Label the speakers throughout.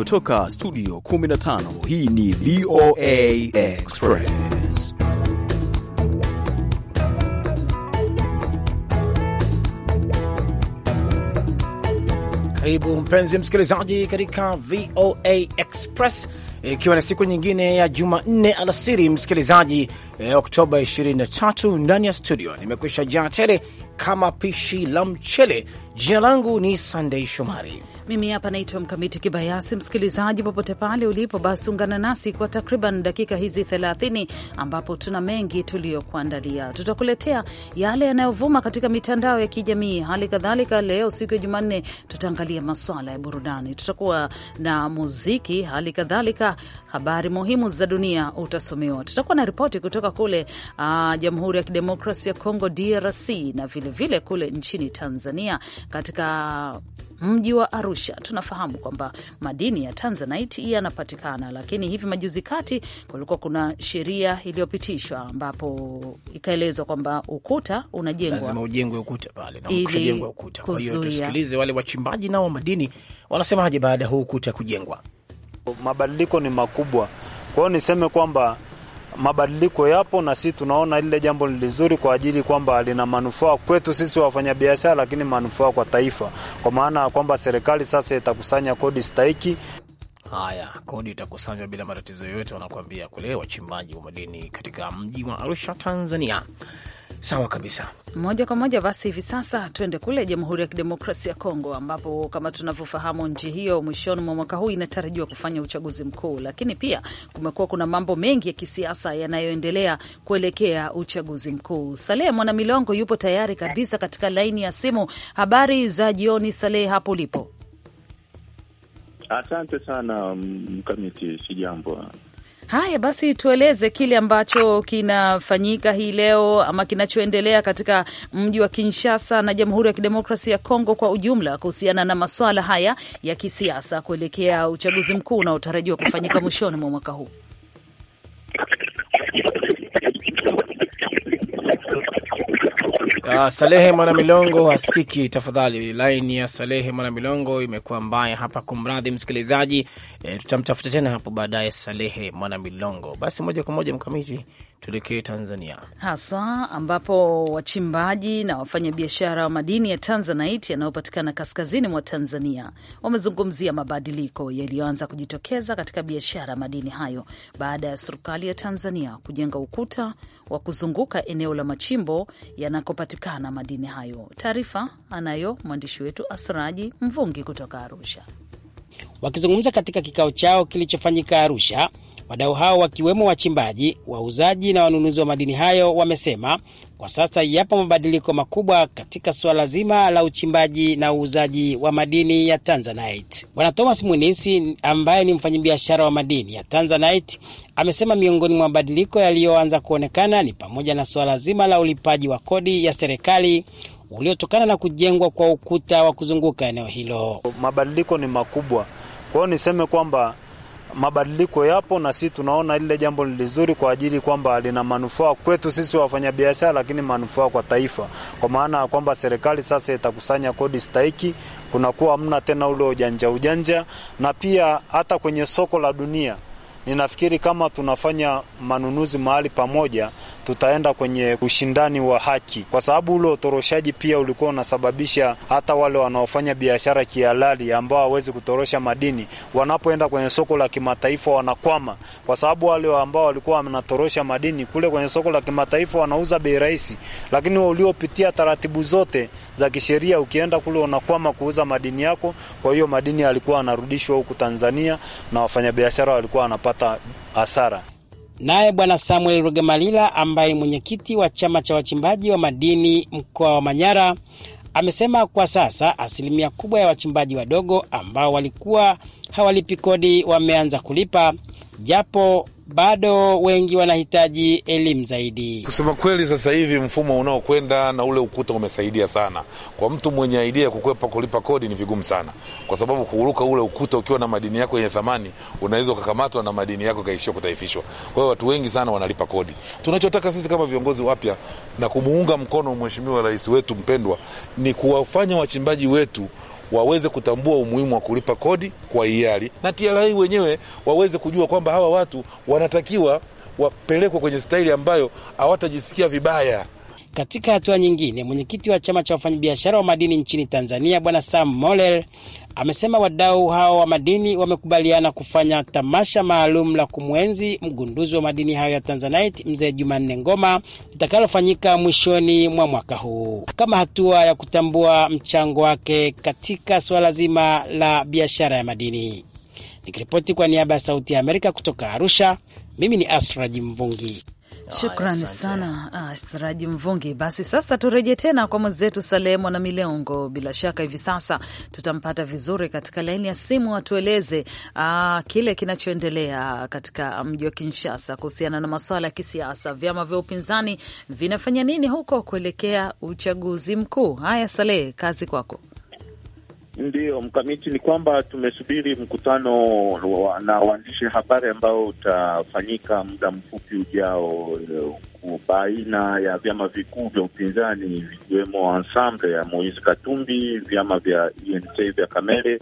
Speaker 1: kutoka studio 15 hii ni VOA Express.
Speaker 2: Karibu mpenzi msikilizaji katika VOA Express ikiwa e, na siku nyingine ya Jumanne alasiri msikilizaji eh, Oktoba 23 ndani ya studio. Nimekwisha jaa tele kama pishi la mchele. Jina langu ni Sandei Shomari,
Speaker 3: mimi hapa naitwa Mkamiti Kibayasi. Msikilizaji popote pale ulipo, basi ungana nasi kwa takriban dakika hizi 30 ambapo tuna mengi tuliyokuandalia. Tutakuletea yale yanayovuma katika mitandao ya kijamii. Hali kadhalika leo siku ya Jumanne tutaangalia maswala ya burudani, tutakuwa na muziki, hali kadhalika habari muhimu za dunia utasomewa, tutakuwa na ripoti kutoka kutoka kule ah, Jamhuri ya Kidemokrasi ya Kongo DRC na vilevile vile kule nchini Tanzania katika mji wa Arusha. Tunafahamu kwamba madini ya tanzanite yanapatikana, lakini hivi majuzi kati kulikuwa kuna sheria iliyopitishwa ambapo ikaelezwa kwamba ukuta unajengwa, lazima
Speaker 2: ujengwe ukuta pale, na ukuta. Kwa hiyo tusikilize wale wachimbaji nao wa madini wanasemaje baada ya huu ukuta kujengwa.
Speaker 4: Mabadiliko ni makubwa, kwa hiyo niseme kwamba mabadiliko yapo, na sisi tunaona lile jambo ni lizuri kwa ajili kwamba lina manufaa kwetu sisi wafanyabiashara, lakini manufaa kwa taifa, kwa maana ya kwamba serikali sasa itakusanya kodi stahiki.
Speaker 2: Haya, kodi itakusanywa bila matatizo yoyote, wanakuambia kule wachimbaji wa madini katika mji wa Arusha, Tanzania. Sawa kabisa,
Speaker 3: moja kwa moja basi, hivi sasa tuende kule Jamhuri ya Kidemokrasia ya Kongo, ambapo kama tunavyofahamu, nchi hiyo mwishoni mwa mwaka huu inatarajiwa kufanya uchaguzi mkuu, lakini pia kumekuwa kuna mambo mengi ya kisiasa yanayoendelea kuelekea uchaguzi mkuu. Salehe mwanamilongo yupo tayari kabisa katika laini ya simu. Habari za jioni, Salehe, hapo ulipo.
Speaker 5: Asante sana Mkamiti, si jambo
Speaker 3: Haya basi, tueleze kile ambacho kinafanyika hii leo ama kinachoendelea katika mji wa Kinshasa na Jamhuri ya Kidemokrasia ya Kongo kwa ujumla kuhusiana na maswala haya ya kisiasa kuelekea uchaguzi mkuu unaotarajiwa kufanyika mwishoni mwa mwaka huu.
Speaker 6: Uh, Salehe
Speaker 2: Mwanamilongo asikiki tafadhali. Laini ya Salehe Mwanamilongo imekuwa mbaya hapa, kumradhi msikilizaji. E, tutamtafuta tena hapo baadaye Salehe Mwanamilongo. Basi moja kwa moja mkamiti Tuelekee Tanzania
Speaker 3: haswa ambapo wachimbaji na wafanyabiashara wa madini ya tanzanite yanayopatikana kaskazini mwa Tanzania wamezungumzia mabadiliko yaliyoanza kujitokeza katika biashara madini hayo baada ya serikali ya Tanzania kujenga ukuta wa kuzunguka eneo la machimbo yanakopatikana madini hayo. Taarifa anayo mwandishi wetu Asraji Mvungi kutoka Arusha.
Speaker 7: Wakizungumza katika kikao chao kilichofanyika Arusha, Wadau hao wakiwemo wachimbaji, wauzaji na wanunuzi wa madini hayo wamesema kwa sasa yapo mabadiliko makubwa katika suala zima la uchimbaji na uuzaji wa madini ya Tanzanite. Bwana Thomas Mwinisi ambaye ni mfanyabiashara wa madini ya Tanzanite amesema miongoni mwa mabadiliko yaliyoanza kuonekana ni pamoja na suala zima la ulipaji wa kodi ya serikali
Speaker 4: uliotokana na kujengwa kwa ukuta wa kuzunguka eneo hilo. Mabadiliko ni makubwa, kwa hiyo niseme kwamba mabadiliko yapo, na sisi tunaona lile jambo ni lizuri kwa ajili kwamba lina manufaa kwetu sisi wafanyabiashara, lakini manufaa kwa taifa, kwa maana ya kwamba serikali sasa itakusanya kodi stahiki, kunakuwa hamna tena ule ujanja ujanja, na pia hata kwenye soko la dunia Ninafikiri kama tunafanya manunuzi mahali pamoja, tutaenda kwenye ushindani wa haki, kwa sababu ule utoroshaji pia ulikuwa unasababisha hata wale wanaofanya biashara kihalali ambao hawezi kutorosha madini, wanapoenda kwenye soko la kimataifa wanakwama, kwa sababu wale ambao walikuwa wanatorosha madini kule kwenye soko la kimataifa wanauza bei rahisi, lakini uliopitia taratibu zote za kisheria, ukienda kule unakwama kuuza madini yako. Kwa hiyo madini yalikuwa yanarudishwa huku Tanzania na wafanyabiashara walikuwa wanapata kupata hasara. Naye
Speaker 7: Bwana Samuel Rugemalila ambaye mwenyekiti wa chama cha wachimbaji wa madini mkoa wa Manyara amesema kwa sasa asilimia kubwa ya wachimbaji wadogo ambao walikuwa hawalipi kodi wameanza kulipa japo bado wengi wanahitaji elimu zaidi.
Speaker 1: Kusema kweli, sasa hivi mfumo unaokwenda na ule ukuta umesaidia sana. Kwa mtu mwenye idea ya kukwepa kulipa kodi ni vigumu sana, kwa sababu kuruka ule ukuta ukiwa na madini yako yenye thamani, unaweza ukakamatwa na madini yako kaishia kutaifishwa. Kwa hiyo watu wengi sana wanalipa kodi. Tunachotaka sisi kama viongozi wapya na kumuunga mkono mheshimiwa rais wetu mpendwa ni kuwafanya wachimbaji wetu waweze kutambua umuhimu wa kulipa kodi kwa hiari, na TRA wenyewe waweze kujua kwamba hawa watu wanatakiwa wapelekwe kwenye staili ambayo hawatajisikia vibaya.
Speaker 7: Katika hatua nyingine, mwenyekiti wa chama cha wafanyabiashara wa madini nchini Tanzania Bwana Sam Molel amesema wadau hao wa madini wamekubaliana kufanya tamasha maalum la kumwenzi mgunduzi wa madini hayo ya Tanzanite Mzee Jumanne Ngoma litakalofanyika mwishoni mwa mwaka huu kama hatua ya kutambua mchango wake katika suala zima la biashara ya madini. Nikiripoti kwa niaba ya Sauti ya Amerika kutoka Arusha, mimi ni Asraji Mvungi.
Speaker 3: Shukran sana ah, Siraji Mvungi. Basi sasa turejee tena kwa mwenzetu Salemo Mwana Milongo. Bila shaka hivi sasa tutampata vizuri katika laini ya simu, atueleze ah, kile kinachoendelea katika mji wa Kinshasa kuhusiana na masuala ya kisiasa. Vyama vya upinzani vinafanya nini huko kuelekea uchaguzi mkuu? Haya Saleh, kazi kwako
Speaker 5: ndio mkamiti, ni kwamba tumesubiri mkutano na waandishi habari ambao utafanyika muda mfupi ujao eh, baina ya vyama vikuu vya upinzani vikiwemo Ensemble ya Moise Katumbi, vyama vya UNC vya Kamere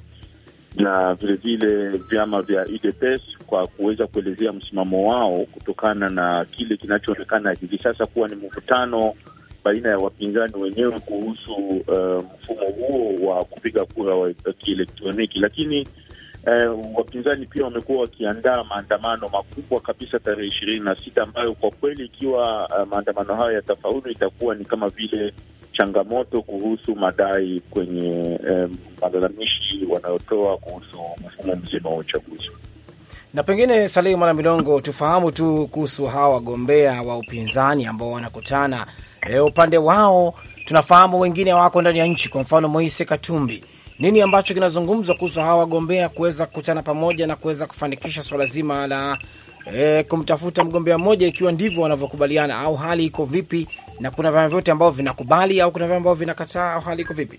Speaker 5: na vilevile vyama vya UDPS kwa kuweza kuelezea msimamo wao kutokana na kile kinachoonekana hivi sasa kuwa ni mvutano baina ya wapinzani wenyewe kuhusu uh, mfumo huo wa kupiga kura wa kielektroniki, lakini uh, wapinzani pia wamekuwa wakiandaa maandamano makubwa kabisa tarehe ishirini na sita ambayo kwa kweli ikiwa uh, maandamano hayo yatafaulu itakuwa ni kama vile changamoto kuhusu madai kwenye malalamishi wanayotoa kuhusu mfumo mzima wa uchaguzi.
Speaker 2: Na pengine Salihi Mwana Milongo, tufahamu tu kuhusu hawa wagombea wa upinzani ambao wanakutana e, upande wao tunafahamu wengine wako ndani ya nchi, kwa mfano Moise Katumbi. Nini ambacho kinazungumzwa kuhusu hawa wagombea kuweza kukutana pamoja na kuweza kufanikisha swala zima la e, kumtafuta mgombea mmoja, ikiwa ndivyo wanavyokubaliana, au hali iko vipi? Na kuna vyama vyote ambavyo vinakubali au kuna vyama ambavyo vinakataa, au hali iko vipi?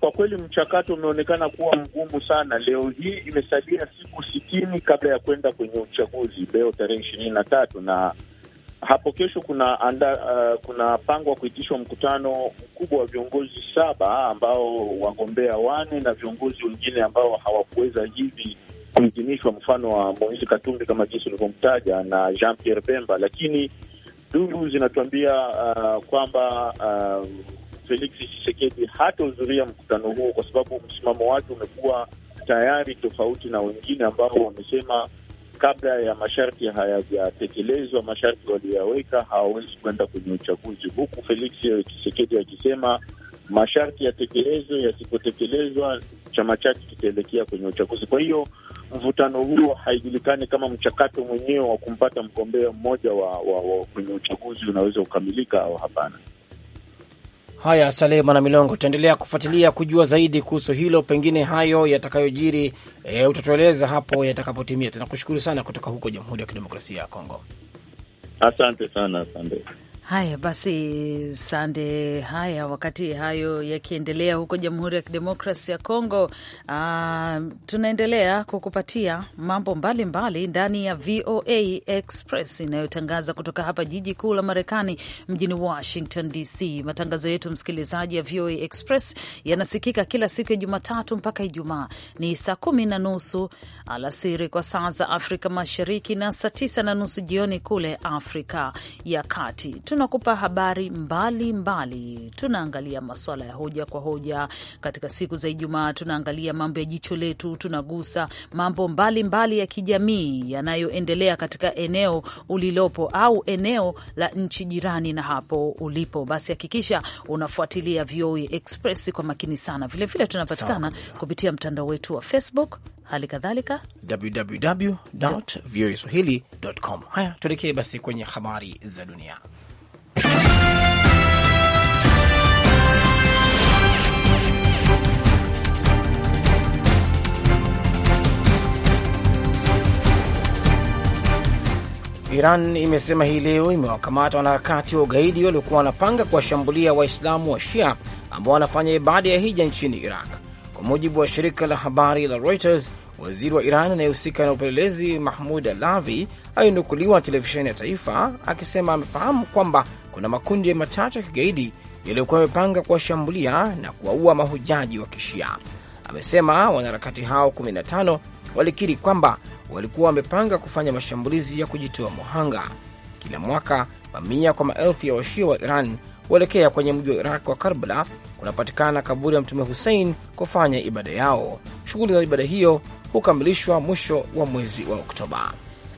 Speaker 5: Kwa kweli mchakato umeonekana kuwa mgumu sana. Leo hii imesalia siku sitini kabla ya kwenda kwenye uchaguzi, leo tarehe ishirini na tatu na hapo kesho kuna anda, uh, kuna pangwa kuitishwa mkutano mkubwa wa viongozi saba ambao wagombea wane na viongozi wengine ambao hawakuweza hivi kuidhinishwa, mfano wa Moise Katumbi kama jinsi ulivyomtaja na Jean Pierre Bemba, lakini duru zinatuambia uh, kwamba uh, Felix Tshisekedi hatahudhuria mkutano huo kwa sababu msimamo wake umekuwa tayari tofauti na wengine ambao wamesema kabla ya masharti hayajatekelezwa, masharti walioyaweka, hawawezi kwenda kwenye uchaguzi, huku Felix Chisekedi akisema masharti yatekelezwe, yasipotekelezwa chama chake kitaelekea kwenye uchaguzi. Kwa hiyo mvutano huo haijulikani kama mchakato mwenyewe wa kumpata mgombea mmoja wa, wa, wa kwenye uchaguzi unaweza kukamilika au hapana.
Speaker 2: Haya, Saleh Mwana Milongo, tutaendelea kufuatilia kujua zaidi kuhusu hilo, pengine hayo yatakayojiri e, utatueleza hapo yatakapotimia. Tunakushukuru sana kutoka huko Jamhuri ya Kidemokrasia ya Kongo.
Speaker 5: Asante sana, asante.
Speaker 3: Haya basi, sande. Haya, wakati hayo yakiendelea huko Jamhuri ya Kidemokrasi ya Kongo, uh, tunaendelea kukupatia mambo mbalimbali ndani ya VOA Express inayotangaza kutoka hapa jiji kuu la Marekani, mjini Washington DC. Matangazo yetu msikilizaji ya VOA Express yanasikika kila siku ya Jumatatu mpaka Ijumaa ni saa kumi na nusu alasiri kwa saa za Afrika Mashariki na saa tisa na nusu jioni kule Afrika ya Kati tunakupa habari mbalimbali mbali. Tunaangalia maswala ya hoja kwa hoja katika siku za Ijumaa, tunaangalia mambo ya jicho letu, tunagusa mambo mbalimbali mbali ya kijamii yanayoendelea katika eneo ulilopo au eneo la nchi jirani na hapo ulipo. Basi hakikisha unafuatilia VOA Express kwa makini sana. Vilevile tunapatikana kupitia mtandao wetu wa Facebook, hali kadhalika
Speaker 2: www voaswahili.com. Haya, tuelekee basi kwenye habari za dunia. Iran imesema hii leo imewakamata wanaharakati wa ugaidi waliokuwa wanapanga kuwashambulia Waislamu wa Shia ambao wanafanya ibada ya hija nchini Iraq. Kwa mujibu wa shirika la habari la Reuters, waziri wa Iran anayehusika na upelelezi Mahmud Alavi alinukuliwa televisheni ya taifa akisema amefahamu kwamba kuna makundi matatu ya kigaidi yaliyokuwa yamepanga kuwashambulia na kuwaua mahujaji wa Kishia. Amesema wanaharakati hao 15 walikiri kwamba walikuwa wamepanga kufanya mashambulizi ya kujitoa muhanga. Kila mwaka mamia kwa maelfu ya washia wa Iran huelekea kwenye mji wa Iraq wa Karbala kunapatikana kaburi ya Mtume Hussein kufanya ibada yao. Shughuli za ibada hiyo hukamilishwa mwisho wa mwezi wa Oktoba.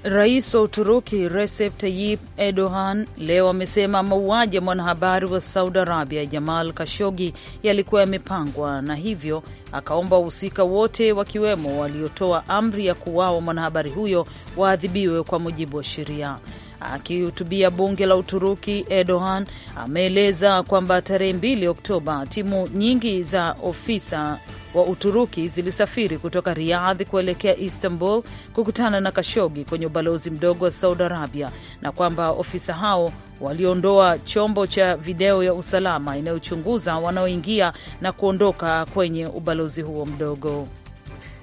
Speaker 3: Rais wa Uturuki Recep Tayyip Erdogan leo amesema mauaji ya mwanahabari wa Saudi Arabia Jamal Kashogi yalikuwa yamepangwa na hivyo akaomba wahusika wote wakiwemo waliotoa amri ya kuuawa mwanahabari huyo waadhibiwe kwa mujibu wa sheria. Akihutubia bunge la Uturuki, Erdogan ameeleza kwamba tarehe 2 Oktoba timu nyingi za ofisa wa Uturuki zilisafiri kutoka Riyadh kuelekea Istanbul kukutana na Kashogi kwenye ubalozi mdogo wa Saudi Arabia, na kwamba ofisa hao waliondoa chombo cha video ya usalama inayochunguza wanaoingia na kuondoka kwenye ubalozi huo mdogo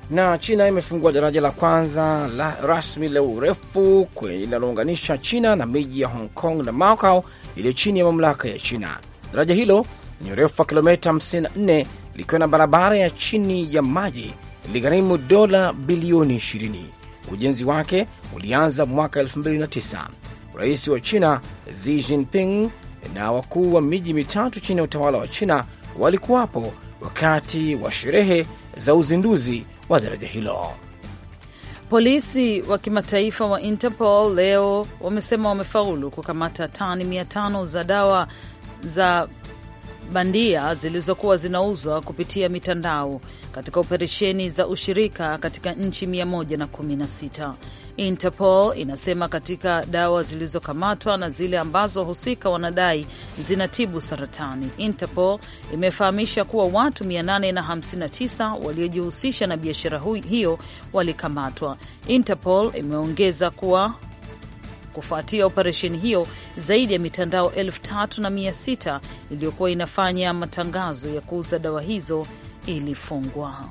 Speaker 2: na China imefungua daraja la kwanza la rasmi la urefu linalounganisha China na miji ya Hong Kong na Macau iliyo chini ya mamlaka ya China. Daraja hilo lenye urefu wa kilomita 54 likiwa na barabara ya chini ya maji iligharimu dola bilioni 20. Ujenzi wake ulianza mwaka 2009. Rais wa China Xi Jinping na wakuu wa miji mitatu chini ya utawala wa China walikuwapo wakati wa sherehe za uzinduzi wa daraja
Speaker 8: hilo.
Speaker 3: Polisi wa kimataifa wa Interpol leo wamesema wamefaulu kukamata tani 5 za dawa za bandia zilizokuwa zinauzwa kupitia mitandao katika operesheni za ushirika katika nchi 116. Interpol inasema katika dawa zilizokamatwa na zile ambazo wahusika wanadai zinatibu saratani. Interpol imefahamisha kuwa watu 859 waliojihusisha na biashara hiyo walikamatwa. Interpol imeongeza kuwa kufuatia operesheni hiyo, zaidi ya mitandao elfu tatu na mia sita iliyokuwa inafanya matangazo ya kuuza dawa hizo ilifungwa.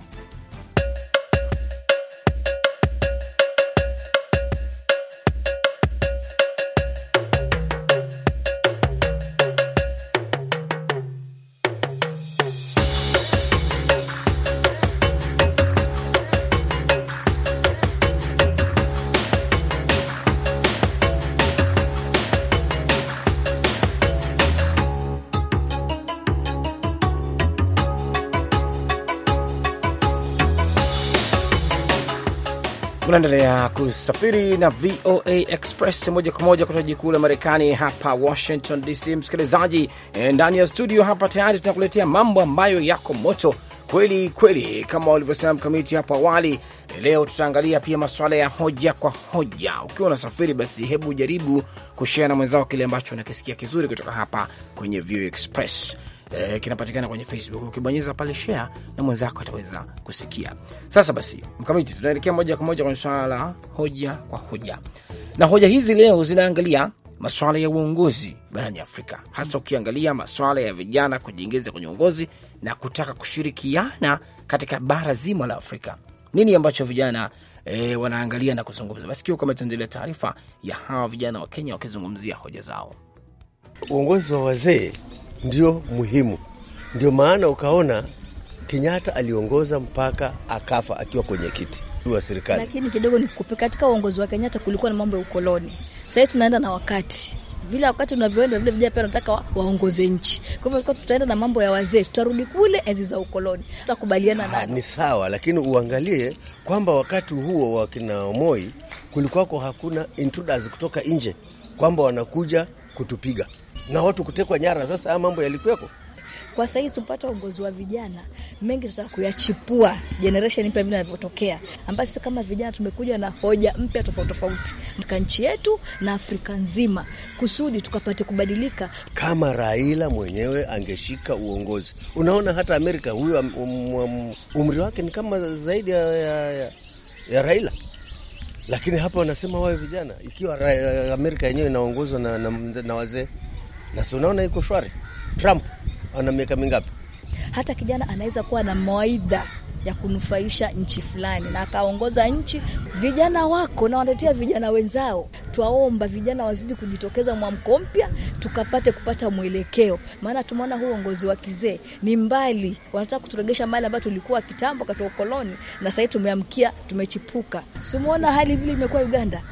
Speaker 2: Unaendelea kusafiri na VOA Express moja kwa moja kutoka jiji kuu la Marekani hapa Washington DC. Msikilizaji, eh, ndani ya studio hapa tayari tunakuletea mambo ambayo yako moto kweli kweli. Kama walivyosema mkamiti hapo awali, leo tutaangalia pia masuala ya hoja kwa hoja. Ukiwa unasafiri, basi hebu jaribu kushea na mwenzao kile ambacho unakisikia kizuri kutoka hapa kwenye View Express. E, kinapatikana kwenye Facebook. Ukibonyeza pale share, na mwenzako ataweza kusikia. Sasa basi, mkamiti, tunaelekea moja kwa moja kwenye swala la hoja kwa hoja, na hoja hizi leo zinaangalia masuala ya uongozi barani Afrika, hasa ukiangalia masuala ya vijana kujiingiza kwenye uongozi na kutaka kushirikiana katika bara zima la Afrika. Nini ambacho vijana e, wanaangalia na kuzungumza? Basi kiwa kametendelea taarifa ya hawa vijana wa Kenya wakizungumzia hoja zao.
Speaker 8: Uongozi wa wazee ndio muhimu, ndio maana ukaona Kenyatta aliongoza mpaka akafa akiwa kwenye kiti wa serikali.
Speaker 6: Lakini kidogo ni kupe, katika uongozi wa Kenyatta kulikuwa na mambo ya ukoloni sahii tunaenda na wakati vile wakati unavyoenda vile vijana pia wanataka waongoze nchi. Kwa hivyo tutaenda na mambo ya wazee, tutarudi kule enzi za ukoloni, tutakubaliana
Speaker 8: na Ni sawa, lakini uangalie kwamba wakati huo wa kina Moi kulikuwako hakuna intruders kutoka nje, kwamba wanakuja kutupiga na watu kutekwa nyara. Sasa haya mambo yalikuweko.
Speaker 6: Kwa sasa hizi tupata uongozi wa vijana mengi, tutaka kuyachipua generation mpya vile inavyotokea, ambapo sisi kama vijana tumekuja na hoja mpya tofauti tofauti katika nchi yetu na Afrika nzima, kusudi tukapate kubadilika.
Speaker 8: Kama Raila mwenyewe angeshika uongozi, unaona hata Amerika, huyo um, um, umri wake ni kama zaidi ya, ya, ya, ya Raila lakini hapa wanasema wawe vijana, ikiwa Amerika yenyewe inaongozwa na, na, na wazee, na si unaona iko shwari. Trump ana miaka mingapi?
Speaker 6: Hata kijana anaweza kuwa na mawaidha ya kunufaisha nchi fulani na akaongoza nchi. Vijana wako na wanatetea vijana wenzao, twaomba vijana wazidi kujitokeza mwamko mpya, tukapate kupata mwelekeo, maana tumeona huu uongozi wa kizee ni mbali, wanataka kuturegesha mahali ambayo tulikuwa kitambo katika ukoloni, na sahii tumeamkia, tumechipuka. Simuona hali vile imekuwa Uganda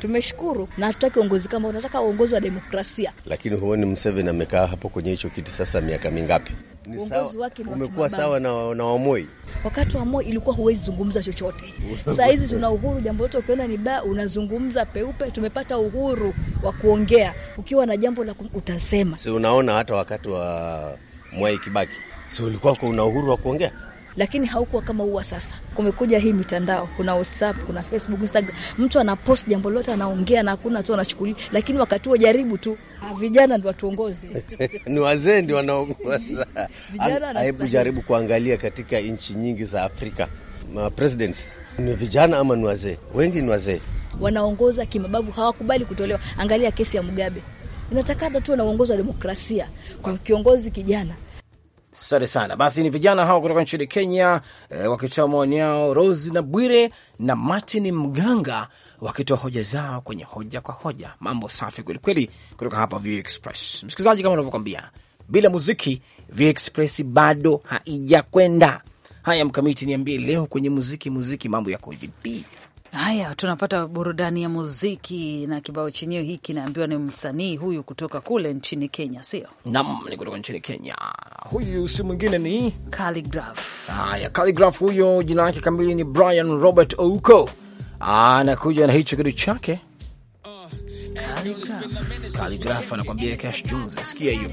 Speaker 6: Tumeshukuru na hatutaki uongozi kama, unataka uongozi wa demokrasia.
Speaker 8: Lakini huoni Museveni amekaa hapo kwenye hicho kiti sasa miaka mingapi? Uongozi wake umekuwa sawa na, na Wamoi.
Speaker 6: Wakati wa Moi ilikuwa huwezi zungumza chochote.
Speaker 8: Saa hizi tuna
Speaker 6: uhuru, jambo lote ukiona ni baya unazungumza peupe. Tumepata uhuru wa kuongea, ukiwa na jambo la
Speaker 8: utasema. Si unaona hata wakati wa Mwai Kibaki, si ulikuwa kuna uhuru wa kuongea?
Speaker 6: lakini haukuwa kama huwa sasa. Kumekuja hii mitandao, kuna WhatsApp, kuna Facebook, Instagram, mtu anapost jambo lolote, anaongea na hakuna tu anachukulia, lakini wakati huo jaribu tu, ah, vijana ndio watuongoze
Speaker 8: ni wazee ndio wanaongoza. Hebu jaribu kuangalia katika nchi nyingi za Afrika ma presidents ni vijana ama ni wazee? Wengi ni wazee,
Speaker 6: wanaongoza kimabavu, hawakubali kutolewa. Angalia kesi ya Mugabe, inatakana tu na uongozi wa demokrasia kwa kiongozi kijana
Speaker 2: Asante sana. Basi ni vijana hao kutoka nchini Kenya e, wakitoa maoni yao, Rose na Bwire na Martin Mganga wakitoa hoja zao kwenye hoja kwa hoja. Mambo safi kwelikweli kutoka hapa VOA Express. Msikilizaji, kama unavyokwambia, bila muziki VOA Express bado haijakwenda. Haya, Mkamiti, niambie leo kwenye muziki, muziki mambo ya vipi?
Speaker 3: Haya, tunapata burudani ya muziki na kibao chenyewe hiki kinaambiwa ni msanii huyu kutoka kule nchini Kenya, sio
Speaker 2: nam, ni kutoka nchini
Speaker 3: Kenya. Huyu si mwingine ni Khaligraph.
Speaker 2: Haya, huyo jina lake kamili ni Brian Robert Ouko, anakuja na hicho kitu chake
Speaker 9: Kaligrafa anakuambia Cash Jones, sikia hiyo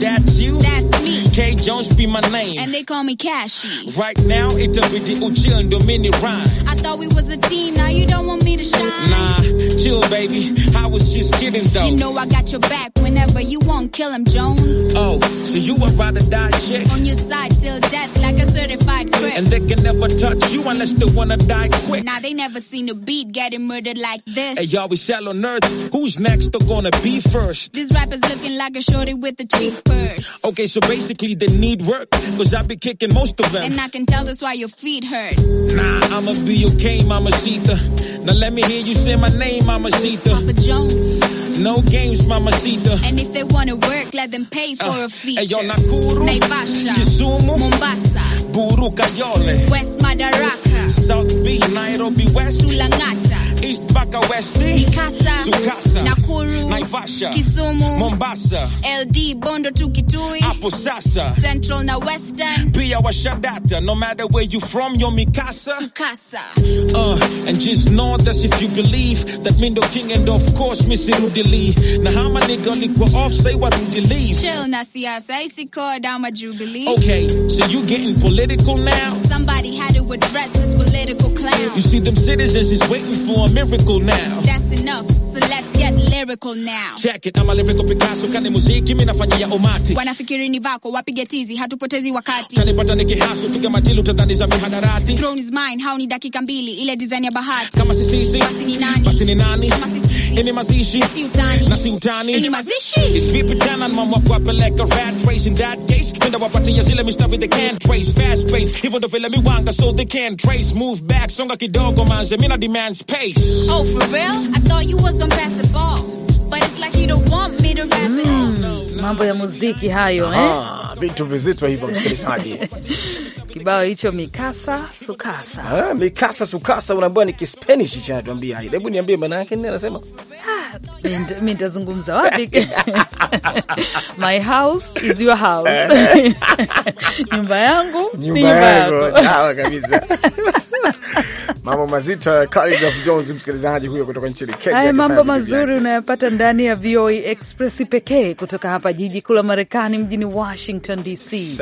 Speaker 9: That's you,
Speaker 10: that's me,
Speaker 9: K Jones be my name, and
Speaker 10: they call me Cashy.
Speaker 9: Right now, it's WD Uchil and Domini Rhyme.
Speaker 10: I thought we was a team, now you don't want me to shine. Nah,
Speaker 9: chill, baby, I was just kidding, though. You know
Speaker 10: I got your back whenever you want. not kill him, Jones.
Speaker 9: Oh, so you would rather die chick? On
Speaker 10: your side still death, like a certified crip. And
Speaker 9: they can never touch you unless they wanna die quick. Now
Speaker 10: nah, they never seen a beat getting murdered like like this. Hey,
Speaker 9: y'all, we shall nerds. Who's next or gonna be
Speaker 10: first? These rappers looking like a shorty with a cheap first.
Speaker 9: Okay, so basically they need work, cause I be kicking most of them. And
Speaker 10: I can tell this why your feet hurt.
Speaker 9: Nah, I'ma be okay, Mama Sita. Now let me hear you say my name, Mama Sita. Papa
Speaker 10: Jones.
Speaker 9: No games, Mama Sita.
Speaker 10: And if they wanna work, let them pay for uh, a feature. Hey, y'all, Nakuru. Naivasha. Kisumu. Mombasa.
Speaker 9: Buru Kayole.
Speaker 10: West Madaraka.
Speaker 9: South B, Nairobi West. Sulangata. East mpaka West, Mikasa, Sukasa, Nakuru, Naivasha, Kisumu, Mombasa,
Speaker 10: LD Bondo tu Kitui, hapo
Speaker 9: sasa
Speaker 10: Central na Western,
Speaker 9: pia washadata, no matter where you from, yo Mikasa, Sukasa. Uh, and just know that if you believe that Mindo King and of course Missy Rudili, na hama nigga likwa off say what Rudili.
Speaker 10: Chill na siasa, isi koda ama Jubilee. Okay,
Speaker 9: so you getting political now?
Speaker 10: Somebody had to address this political clown. You
Speaker 9: see, them citizens is waiting for a miracle now.
Speaker 10: That's enough. So let's get lyrical now.
Speaker 9: kani muziki mimi umati.
Speaker 10: Wanafikiri vako, wapige tizi, hatupotezi wakati.
Speaker 9: Kanipata nikihasu,
Speaker 10: ni dakika mbili, ile design ya bahati.
Speaker 9: Ini mazishi na si utani, isivipi tena mama kuwapeleka rat race. In that case nenda wapatia zile mistari they can't trace, fast pace hivyo ndo vile miwanga so they can't trace. Move back, songa kidogo manze, mina demand space. Oh for real?
Speaker 10: I thought you was gonna pass the ball.
Speaker 9: Mambo ya
Speaker 3: muziki hayo, eh? Ah, vitu vizito hivyo msikilizaji. Kibao hicho mikasa sukasa.
Speaker 2: Ah, mikasa sukasa unaambiwa ni Kispanish cha natuambia. Hebu niambie maana yake
Speaker 3: nini anasema? Mimi ah, nitazungumza wapi? My house is your house. Eh. Nyumba yangu, nyumba yako. Sawa kabisa.
Speaker 2: mambo mazito Khaligraph Jones, msikilizaji huyo kutoka nchini Kenya. Haya mambo mazuri
Speaker 3: unayopata ndani ya VOA e Express pekee kutoka hapa jiji kuu la Marekani, mjini Washington DC.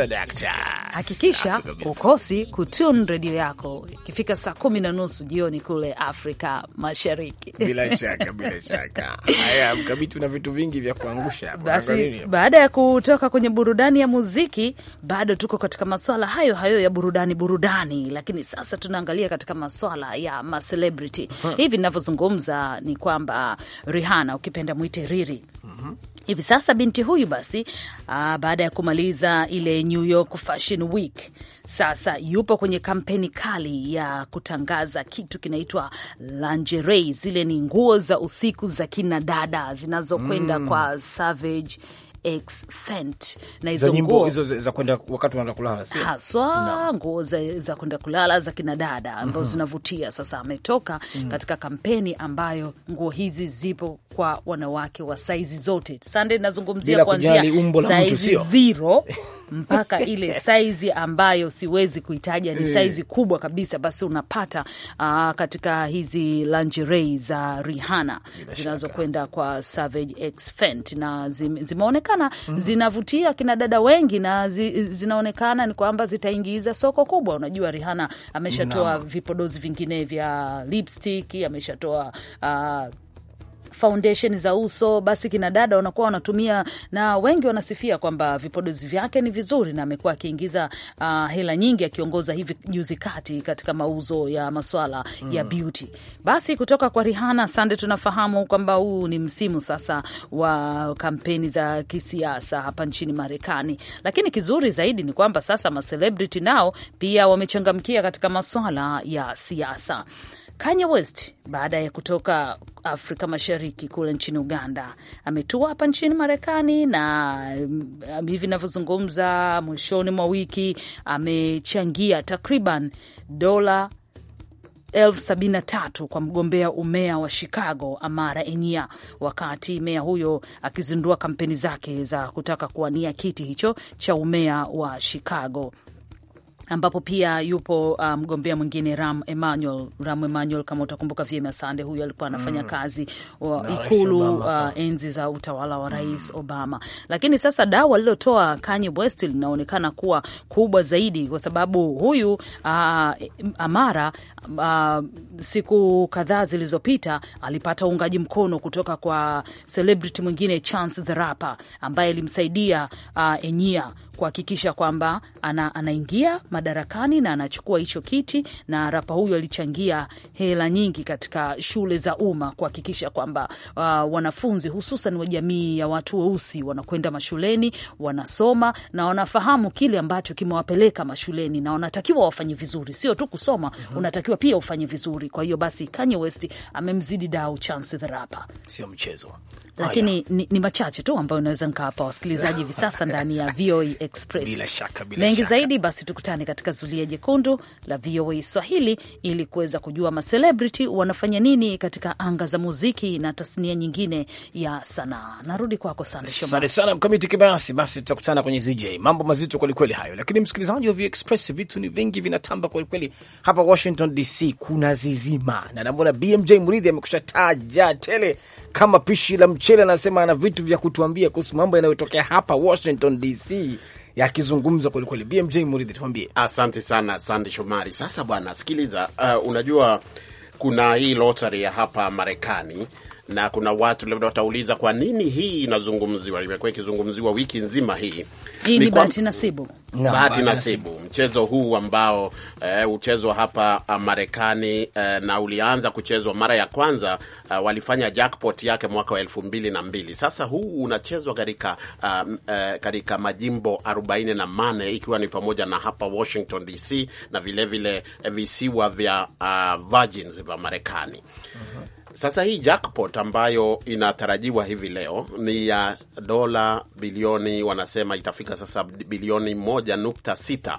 Speaker 3: Hakikisha ukosi kutun redio yako ikifika saa kumi na nusu jioni kule Afrika Mashariki. Bila shaka, bila shaka.
Speaker 2: Haya mkabiti, na vitu vingi vya kuangusha. Basi
Speaker 3: baada ya kutoka kwenye burudani ya muziki, bado tuko katika maswala hayo hayo ya burudani burudani, lakini sasa tunaangalia katika maswala maswala ya macelebrity huh. Hivi ninavyozungumza ni kwamba Rihanna, ukipenda mwite Riri mm-hmm. Hivi sasa binti huyu basi, aa, ah, baada ya kumaliza ile New York Fashion Week, sasa yupo kwenye kampeni kali ya kutangaza kitu kinaitwa lingerie. Zile ni nguo za usiku za kina dada zinazokwenda mm. kwa Savage na hizo nguo hizo
Speaker 2: za kwenda wakati unaenda kulala, sio
Speaker 3: haswa nguo za, za kwenda kulala za kina dada ambazo mm -hmm. zinavutia. Sasa ametoka mm -hmm. katika kampeni ambayo nguo hizi zipo kwa wanawake wa saizi zote. Sande, nazungumzia kuanzia saizi zero mpaka ile saizi ambayo siwezi kuitaja, ni eh. saizi kubwa kabisa, basi unapata uh, katika hizi lingerie za Rihanna zinazokwenda kwa Savage X Fenty, na zimeonekana mm -hmm. zinavutia kina dada wengi na zi, zinaonekana ni kwamba zitaingiza soko kubwa. Unajua Rihanna ameshatoa vipodozi vingine vya lipstick, ameshatoa uh, foundation za uso, basi kina dada wanakuwa wanatumia, na wengi wanasifia kwamba vipodozi vyake ni vizuri, na amekuwa akiingiza uh, hela nyingi akiongoza hivi juzi kati katika mauzo ya maswala mm. ya beauty. Basi kutoka kwa Rihanna, Sande, tunafahamu kwamba huu ni msimu sasa wa kampeni za kisiasa hapa nchini Marekani, lakini kizuri zaidi ni kwamba sasa macelebrity nao pia wamechangamkia katika maswala ya siasa. Kanye West baada ya kutoka Afrika Mashariki kule nchini Uganda ametua hapa nchini Marekani, na um, hivi navyozungumza, mwishoni mwa wiki amechangia takriban dola elfu sabini na tatu kwa mgombea umea wa Chicago Amara enia wakati meya huyo akizindua kampeni zake za kutaka kuwania kiti hicho cha umea wa Chicago ambapo pia yupo uh, mgombea um, mwingine Ram Emmanuel. Ram Emmanuel, kama utakumbuka vyema, Sande, huyu alikuwa anafanya mm, kazi wa Ikulu uh, enzi za utawala wa mm. Rais mm, Obama. Lakini sasa dawa alilotoa Kanye West linaonekana kuwa kubwa zaidi, kwa sababu huyu uh, Amara uh, siku kadhaa zilizopita alipata uungaji mkono kutoka kwa celebrity mwingine Chance the Rapper ambaye alimsaidia uh, Enyia kuhakikisha kwamba ana, anaingia madarakani na anachukua hicho kiti. Na rapa huyu alichangia hela nyingi katika shule za umma kuhakikisha kwamba uh, wanafunzi hususan wa jamii ya watu weusi wanakwenda mashuleni, wanasoma na wanafahamu kile ambacho kimewapeleka mashuleni, na wanatakiwa wafanye vizuri, sio tu kusoma mm -hmm. Unatakiwa pia ufanye vizuri. Kwa hiyo basi Kanye West amemzidi dau Chance the Rapper, sio mchezo lakini ni, ni machache tu ambayo naweza nikawapa wasikilizaji hivi sasa ndani ya VOA e Express. Bila shaka, bila mengi shaka zaidi, basi tukutane katika zulia jekundu la VOA e Swahili ili kuweza kujua macelebrity wanafanya nini katika anga za muziki na tasnia nyingine ya sanaa. Narudi kwako sana, asante
Speaker 2: sana mkamiti kibayasi. Basi tutakutana kwenye ZJ, mambo mazito kwelikweli hayo, lakini msikilizaji wa VOA e Express, vitu ni vingi vinatamba kwelikweli hapa Washington DC, kuna zizima na namona BMJ Mridhi amekusha taja tele kama pishi la mchele, anasema ana vitu vya kutuambia kuhusu mambo yanayotokea hapa Washington DC yakizungumza kwelikweli. BMJ Muridhi, tuambie.
Speaker 1: Asante sana Sande Shomari. Sasa bwana, sikiliza, uh, unajua kuna hii lotari ya hapa Marekani na kuna watu labda watauliza kwa nini hii inazungumziwa, imekuwa ikizungumziwa wiki nzima hii. Hii ni bahati
Speaker 3: nasibu, bahati nasibu,
Speaker 1: mchezo huu ambao eh, huchezwa eh, hapa Marekani eh, na ulianza kuchezwa mara ya kwanza eh, walifanya jackpot yake mwaka wa elfu mbili na mbili. Sasa huu unachezwa katika um, eh, katika majimbo arobaini na mane ikiwa ni pamoja na hapa Washington DC na vilevile vile, eh, visiwa vya uh, Virgins vya Marekani uh mhm. -huh. Sasa hii jackpot ambayo inatarajiwa hivi leo ni ya dola bilioni, wanasema itafika sasa bilioni moja nukta sita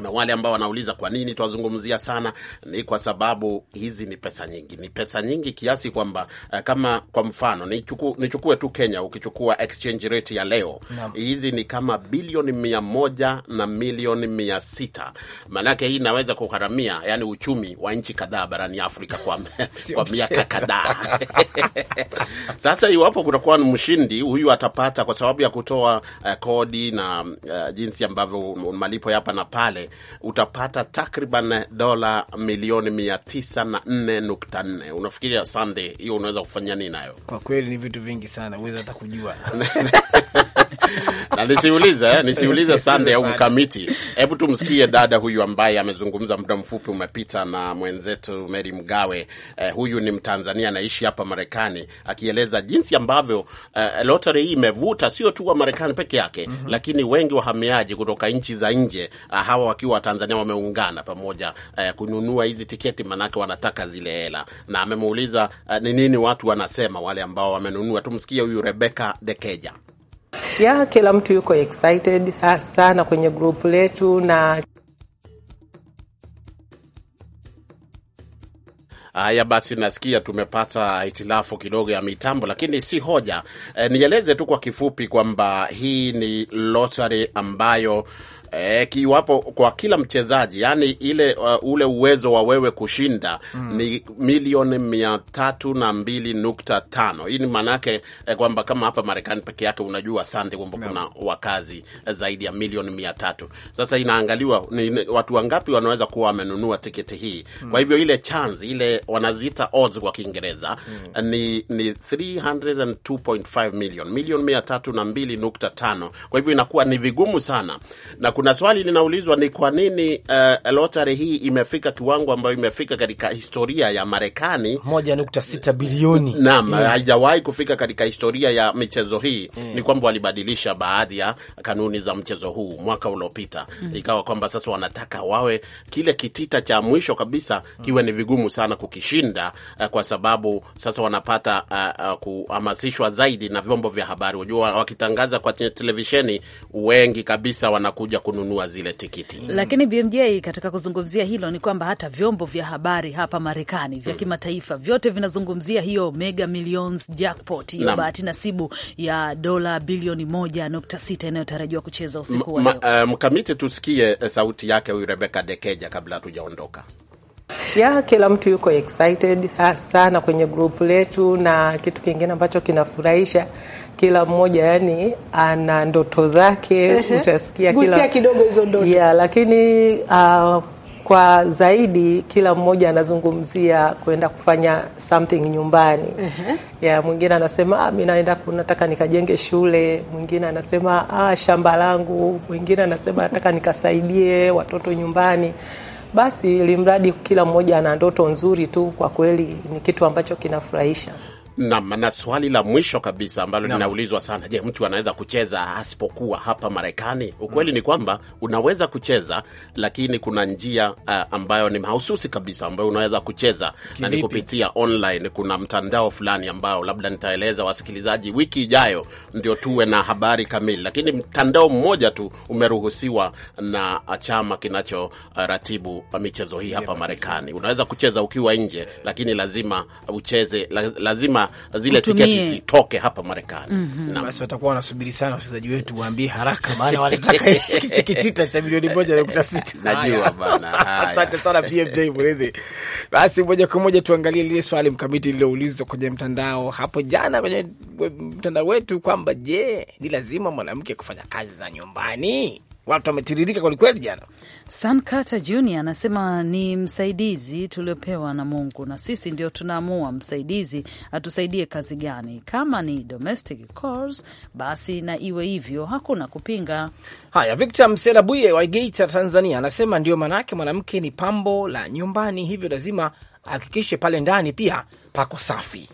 Speaker 1: na wale ambao wanauliza kwa nini twazungumzia sana, ni kwa sababu hizi ni pesa nyingi, ni pesa nyingi kiasi kwamba uh, kama kwa mfano nichukue ni tu Kenya, ukichukua exchange rate ya leo no. hizi ni kama bilioni mia moja na milioni mia sita maanake hii inaweza kugharamia yani uchumi wa nchi kadhaa barani Afrika kwa, kwa miaka kadhaa Sasa iwapo kutakuwa mshindi huyu atapata kwa sababu ya kutoa uh, kodi na uh, jinsi ambavyo malipo hapa na pale utapata takriban dola milioni mia tisa na nne nukta nne. Unafikiria sande hiyo unaweza kufanya nini nayo?
Speaker 2: Kwa kweli ni vitu vingi sana, uweza hata kujua
Speaker 1: na nisiulize eh, nisiulize Sande au mkamiti. Hebu tumsikie dada huyu ambaye amezungumza muda mfupi umepita na mwenzetu Mary Mgawe. Eh, huyu ni Mtanzania anaishi hapa Marekani, akieleza jinsi ambavyo eh, lottery hii imevuta sio tu wa Marekani peke yake mm -hmm. lakini wengi wahamiaji kutoka nchi za nje, ah, hawa wakiwa Watanzania wameungana pamoja eh, kununua hizi tiketi, manake wanataka zile hela, na amemuuliza eh, ni eh, nini watu wanasema wale ambao wamenunua. Tumsikie huyu Rebeka Dekeja
Speaker 7: ya kila mtu yuko excited sana kwenye grupu letu na
Speaker 1: Haya basi, nasikia tumepata hitilafu kidogo ya mitambo, lakini si hoja. E, nieleze tu kwa kifupi kwamba hii ni lottery ambayo e, kiwapo kwa kila mchezaji yani ile uh, ule uwezo wa wewe kushinda mm. ni milioni mia tatu na mbili nukta tano. Hii ni maanake eh, kwamba kama hapa Marekani peke yake unajua asante kwamba no. kuna wakazi eh, zaidi ya milioni mia tatu. Sasa inaangaliwa ni watu wangapi wanaweza kuwa wamenunua tiketi hii mm. kwa hivyo ile chance ile wanaziita odds kwa Kiingereza mm. ni, ni 302.5 milioni mia tatu na mbili nukta tano. Kwa hivyo inakuwa ni vigumu sana na kuna swali linaulizwa ni kwa nini uh, eh, lotari hii imefika kiwango ambayo imefika katika historia ya Marekani, 1.6 bilioni. Naam, mm. haijawahi mm. kufika katika historia ya michezo hii mm. Ni kwamba walibadilisha baadhi ya kanuni za mchezo huu mwaka uliopita mm. Ikawa kwamba sasa wanataka wawe kile kitita cha mwisho kabisa kiwe ni vigumu sana kukishinda, uh, kwa sababu sasa wanapata uh, uh, kuhamasishwa zaidi na vyombo vya habari. Unajua, wakitangaza kwa televisheni wengi kabisa wanakuja ku kununua zile tikiti. Mm. Lakini
Speaker 3: BMJ, katika kuzungumzia hilo, ni kwamba hata vyombo vya habari hapa Marekani vya hmm, kimataifa vyote vinazungumzia hiyo mega millions jackpot, hiyo bahati nasibu ya dola bilioni moja nukta sita inayotarajiwa kucheza usiku wa
Speaker 1: leo. Eh, Mkamiti, tusikie eh, sauti yake huyu Rebeka Dekeja kabla hatujaondoka
Speaker 7: ya kila mtu yuko excited sana kwenye grupu letu, na kitu kingine ambacho kinafurahisha kila mmoja yani ana ndoto zake. uh -huh. Utasikia kila kidogo hizo ndoto yeah, lakini uh, kwa zaidi kila mmoja anazungumzia kwenda kufanya something nyumbani. uh -huh. Yeah, mwingine anasema ah, mimi naenda nataka nikajenge shule, mwingine anasema ah, shamba langu, mwingine anasema nataka nikasaidie watoto nyumbani. Basi mradi kila mmoja ana ndoto nzuri tu, kwa kweli ni kitu ambacho kinafurahisha
Speaker 1: na, na swali la mwisho kabisa ambalo linaulizwa sana, je, mtu anaweza kucheza asipokuwa hapa Marekani? Ukweli mm, ni kwamba unaweza kucheza, lakini kuna njia uh, ambayo ni mahususi kabisa ambayo unaweza kucheza Kilipi, na ni kupitia online. Kuna mtandao fulani ambao labda nitaeleza wasikilizaji wiki ijayo, ndio tuwe na habari kamili, lakini mtandao mmoja tu umeruhusiwa na chama kinachoratibu uh, michezo hii hapa Marekani. Unaweza kucheza ukiwa nje, lakini lazima ucheze, lazima zile tiketi zitoke hapa Marekani.
Speaker 2: mm -hmm. Basi watakuwa wanasubiri sana wachezaji wetu waambie haraka, maana wanataka kichikitita cha milioni moja nukta sita. Najua bana. Asante sana BMJ Mridhi. Basi moja kwa moja tuangalie lile swali mkamiti lililoulizwa kwenye mtandao hapo jana kwenye mtandao wetu kwamba je, ni lazima mwanamke kufanya kazi za nyumbani? Watu wametiririka kwelikweli jana.
Speaker 3: San Carter Jr anasema ni msaidizi tuliopewa na Mungu, na sisi ndio tunaamua msaidizi atusaidie kazi gani. Kama ni domestic calls, basi na iwe hivyo, hakuna kupinga. Haya, Victor
Speaker 2: Mselabuye wa Geita, Tanzania
Speaker 3: anasema ndio maanake mwanamke ni
Speaker 2: pambo la nyumbani, hivyo lazima ahakikishe pale ndani pia pako safi.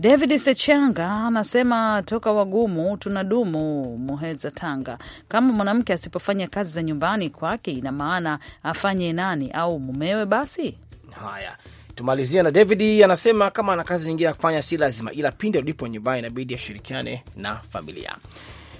Speaker 3: David Sechanga anasema toka wagumu tuna dumu Muheza Tanga, kama mwanamke asipofanya kazi za nyumbani kwake, ina maana afanye nani au mumewe? Basi haya
Speaker 2: tumalizia na David anasema kama ana kazi nyingine ya kufanya si lazima, ila pindi alipo nyumbani inabidi ashirikiane na familia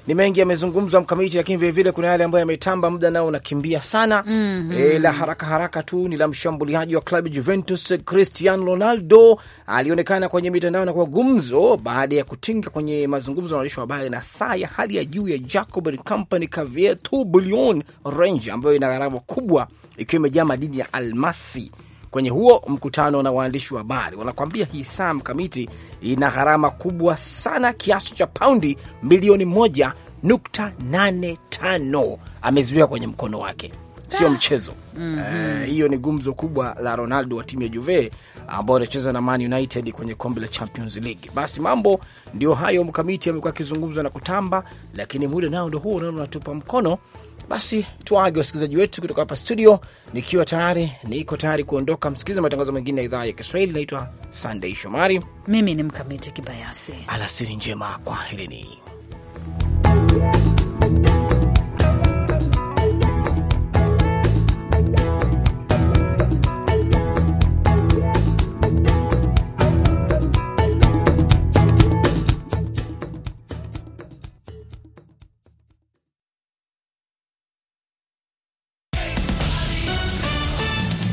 Speaker 2: ni mengi yamezungumzwa mkamiti, lakini vilevile kuna yale ambayo yametamba, muda nao unakimbia sana.
Speaker 3: mm -hmm. E, la
Speaker 2: haraka haraka tu ni la mshambuliaji wa klabu Juventus Cristiano Ronaldo alionekana kwenye mitandao na kwa gumzo baada ya kutinga kwenye mazungumzo na waandishi wa habari na saa ya hali ya juu ya Jacob and Company Cavier Tourbillon Range ambayo ina gharama kubwa ikiwa imejaa madini ya almasi kwenye huo mkutano na waandishi wa habari, wanakwambia hii saa mkamiti ina gharama kubwa sana kiasi cha paundi milioni moja nukta nane tano amezuia kwenye mkono wake, sio ah. mchezo
Speaker 3: mm -hmm. Uh, hiyo
Speaker 2: ni gumzo kubwa la Ronaldo wa timu ya Juve ambao anacheza na Man United kwenye kombe la Champions League. Basi mambo ndio hayo, mkamiti amekuwa akizungumzwa na kutamba, lakini muda nao ndo huo, naona unatupa mkono basi tuwaage wasikilizaji wetu kutoka hapa studio, nikiwa tayari niko tayari kuondoka. Msikiliza matangazo mengine ya idhaa ya Kiswahili. Naitwa Sandei Shomari,
Speaker 3: mimi ni Mkamiti Kibayasi. Alasiri njema, kwaherini.